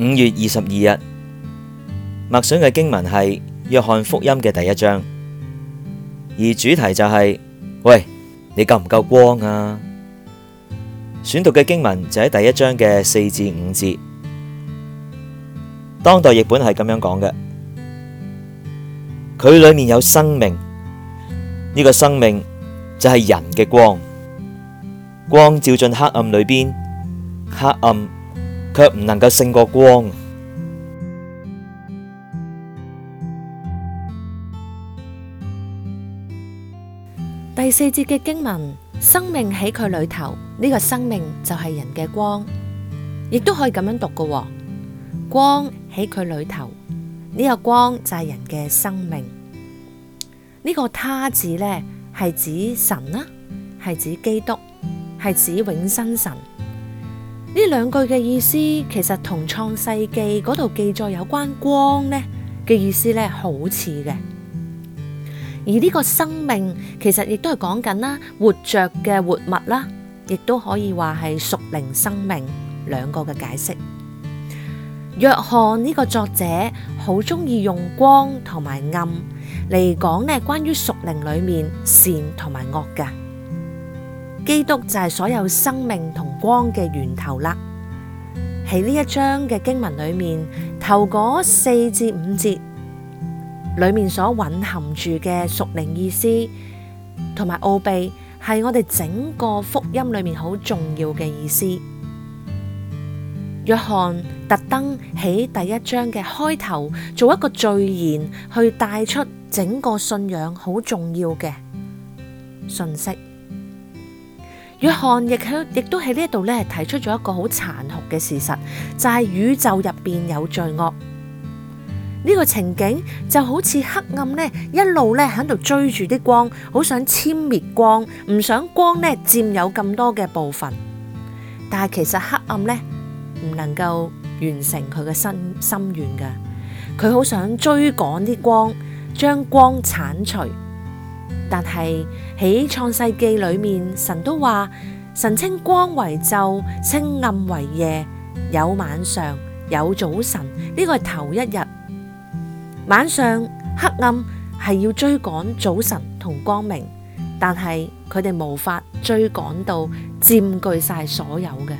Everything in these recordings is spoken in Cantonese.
五月二十二日默想嘅經文係約翰福音嘅第一章，而主題就係：喂，你夠唔夠光啊？選讀嘅經文就喺第一章嘅四至五節，當代譯本係咁樣講嘅，佢裏面有生命，呢個生命就係人嘅光，光照進黑暗裏邊，黑暗，卻唔能夠勝過光。第四節嘅經文，生命喺佢裏頭，呢個生命就係人嘅光，亦都可以咁樣讀嘅喔。光喺佢裏頭，呢個光就係人嘅生命。呢個他字咧，係指神啊，係指基督，係指永生神。呢兩句嘅意思，其實同創世記嗰度記載有關光呢嘅意思咧，好似嘅。而呢個生命，其實亦都係講緊啦，活着嘅活物啦，亦都可以話係屬靈生命兩個嘅解釋。約翰呢個作者好中意用光同埋暗嚟講呢，關於屬靈裏面善同埋惡㗎。基督就係所有生命同。光嘅源頭啦，喺呢一章嘅經文裏面頭嗰四至五節裏面所隱含住嘅屬靈意思同埋奧秘，係我哋整個福音裏面好重要嘅意思。約翰特登喺第一章嘅開頭做一個序言，去帶出整個信仰好重要嘅信息。約翰亦喺亦都喺呢一度咧提出咗一個好殘酷嘅事實，就係、是、宇宙入邊有罪惡。呢、這個情景就好似黑暗咧一路咧喺度追住啲光，好想殲滅光，唔想光咧佔有咁多嘅部分。但係其實黑暗咧唔能夠完成佢嘅心心願噶，佢好想追趕啲光，將光剷除。但係喺創世記裏面，神都話神稱光為晝，稱暗為夜，有晚上，有早晨，呢個係頭一日。晚上黑暗係要追趕早晨同光明，但係佢哋無法追趕到佔據晒所有嘅。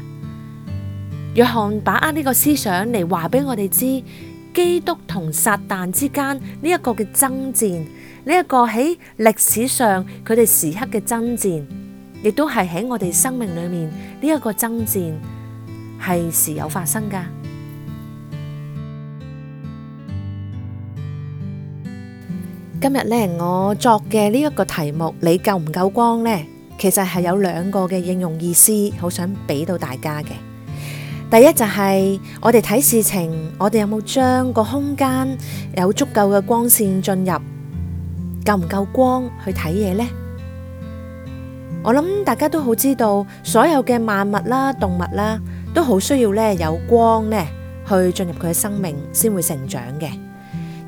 約翰把握呢個思想嚟話俾我哋知，基督同撒旦之間呢一個嘅爭戰。呢一個喺歷史上佢哋時刻嘅爭戰，亦都係喺我哋生命裏面，呢一個爭戰係時有發生噶。今日咧，我作嘅呢一個題目，你夠唔夠光咧？其實係有兩個嘅應用意思，好想俾到大家嘅。第一就係我哋睇事情，我哋有冇將個空間有足夠嘅光線進入？夠唔夠光去睇嘢呢？我諗大家都好知道，所有嘅萬物啦、動物啦，都好需要咧有光咧去進入佢嘅生命，先會成長嘅。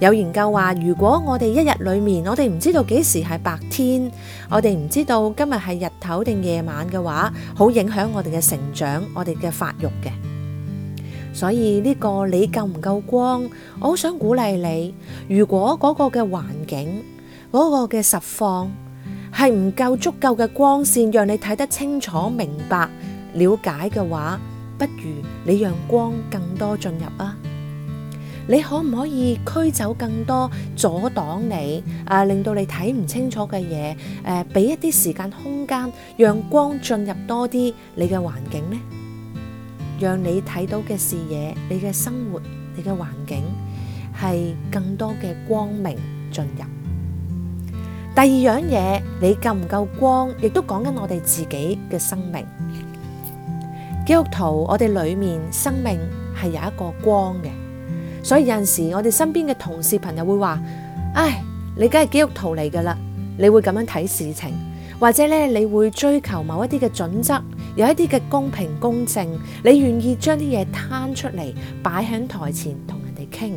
有研究話，如果我哋一日裏面，我哋唔知道幾時係白天，我哋唔知道今日係日頭定夜晚嘅話，好影響我哋嘅成長，我哋嘅發育嘅。所以呢個你夠唔夠光？我好想鼓勵你，如果嗰個嘅環境，嗰個嘅實況係唔夠足夠嘅光線，讓你睇得清楚、明白、了解嘅話，不如你讓光更多進入啊！你可唔可以驅走更多阻擋你啊，令到你睇唔清楚嘅嘢？誒、啊，俾一啲時間空間，讓光進入多啲你嘅環境呢？讓你睇到嘅視野、你嘅生活、你嘅環境係更多嘅光明進入。第二樣嘢，你夠唔夠光，亦都講緊我哋自己嘅生命。基督徒，我哋裏面生命係有一個光嘅，所以有陣時我哋身邊嘅同事朋友會話：唉，你梗係基督徒嚟㗎喇，你會咁樣睇事情，或者呢你會追求某一啲嘅準則，有一啲嘅公平公正，你願意將啲嘢攤出嚟擺喺台前同人哋傾。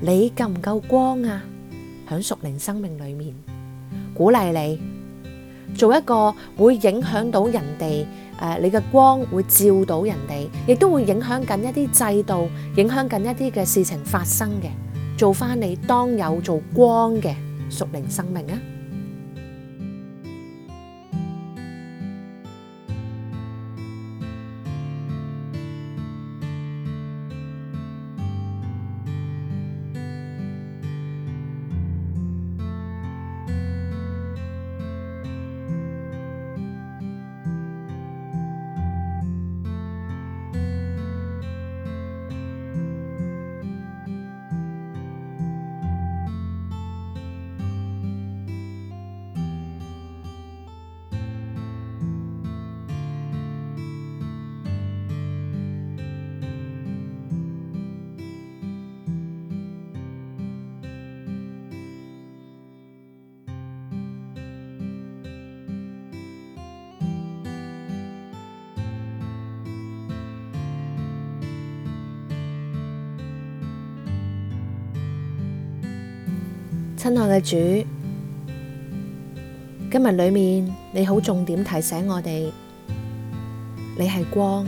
你夠唔夠光啊？喺屬靈生命裏面，鼓勵你做一個會影響到人哋誒，你嘅光會照到人哋，亦都會影響緊一啲制度，影響緊一啲嘅事情發生嘅，做翻你當有做光嘅屬靈生命啊！親愛嘅主，今日裏面你好重點提醒我哋，你係光，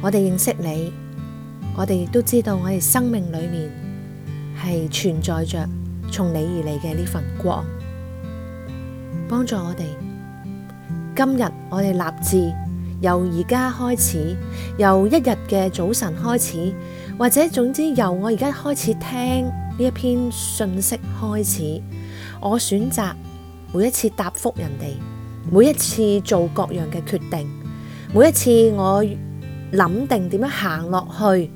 我哋認識你，我哋亦都知道我哋生命裏面係存在着從你而嚟嘅呢份光，幫助我哋，今日我哋立志。由而家開始，由一日嘅早晨開始，或者總之由我而家開始聽呢一篇信息開始，我選擇每一次答覆人哋，每一次做各樣嘅決定，每一次我諗定點樣行落去，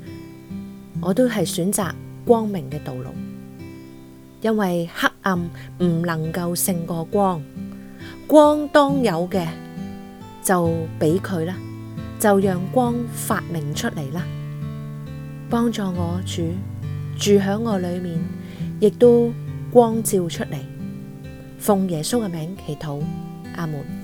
我都係選擇光明嘅道路，因為黑暗唔能夠勝過光，光當有嘅。就俾佢啦，就讓光發明出嚟啦，幫助我主住喺我裏面，亦都光照出嚟，奉耶穌嘅名祈禱，阿門。